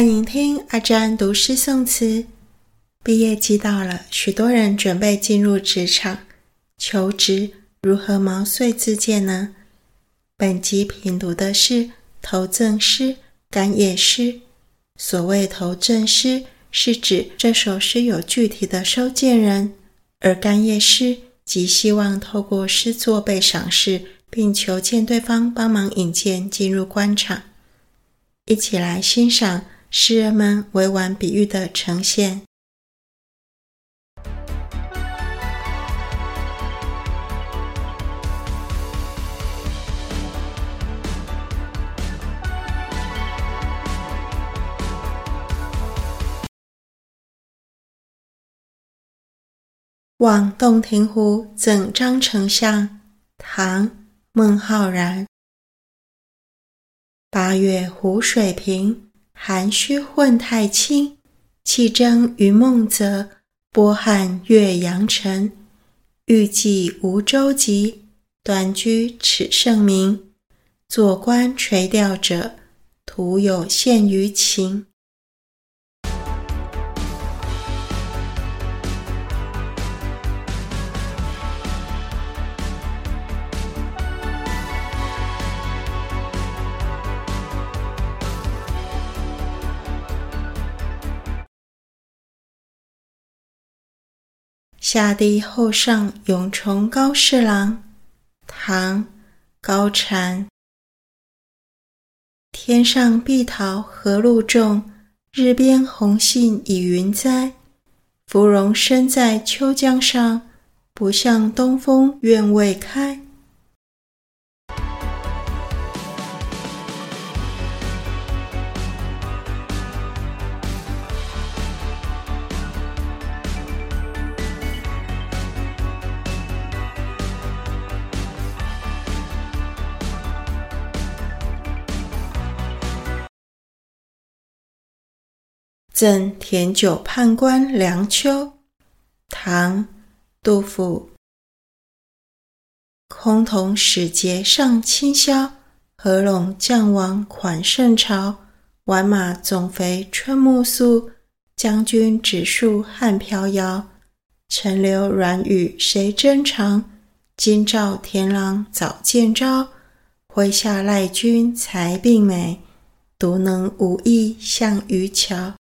歡迎聽阿詹、啊、讀詩宋詞。畢業季到了，許多人準備進入職場求職，如何毛遂自薦呢？本集品讀的是投贈詩、干謁詩。所謂投贈詩，是指這首詩有具體的收件人；而干謁詩即希望透過詩作被賞識，並求見對方幫忙引薦進入官場。一起來欣賞。詩人們委婉比喻的呈現。望洞庭湖贈張丞相，唐·孟浩然，八月湖水平，涵虛混太清，氣蒸雲夢澤，波撼岳陽城。欲濟無舟楫，端居恥聖明。坐觀垂釣者，徒有羨魚情。下第後上永崇高侍郎，唐·高蟾。天上碧桃和露種，日邊紅杏倚雲栽。芙蓉生在秋江上，不向東風怨未開。贈田久判官梁秋，唐·杜甫。空同始節上清宵，合攏將王款聖朝。宛馬總肥春暮素，將軍只數漢飄搖。陳流軟語誰真長？今照田郎早見招。麾下賴君才並美，獨能無意向於橋。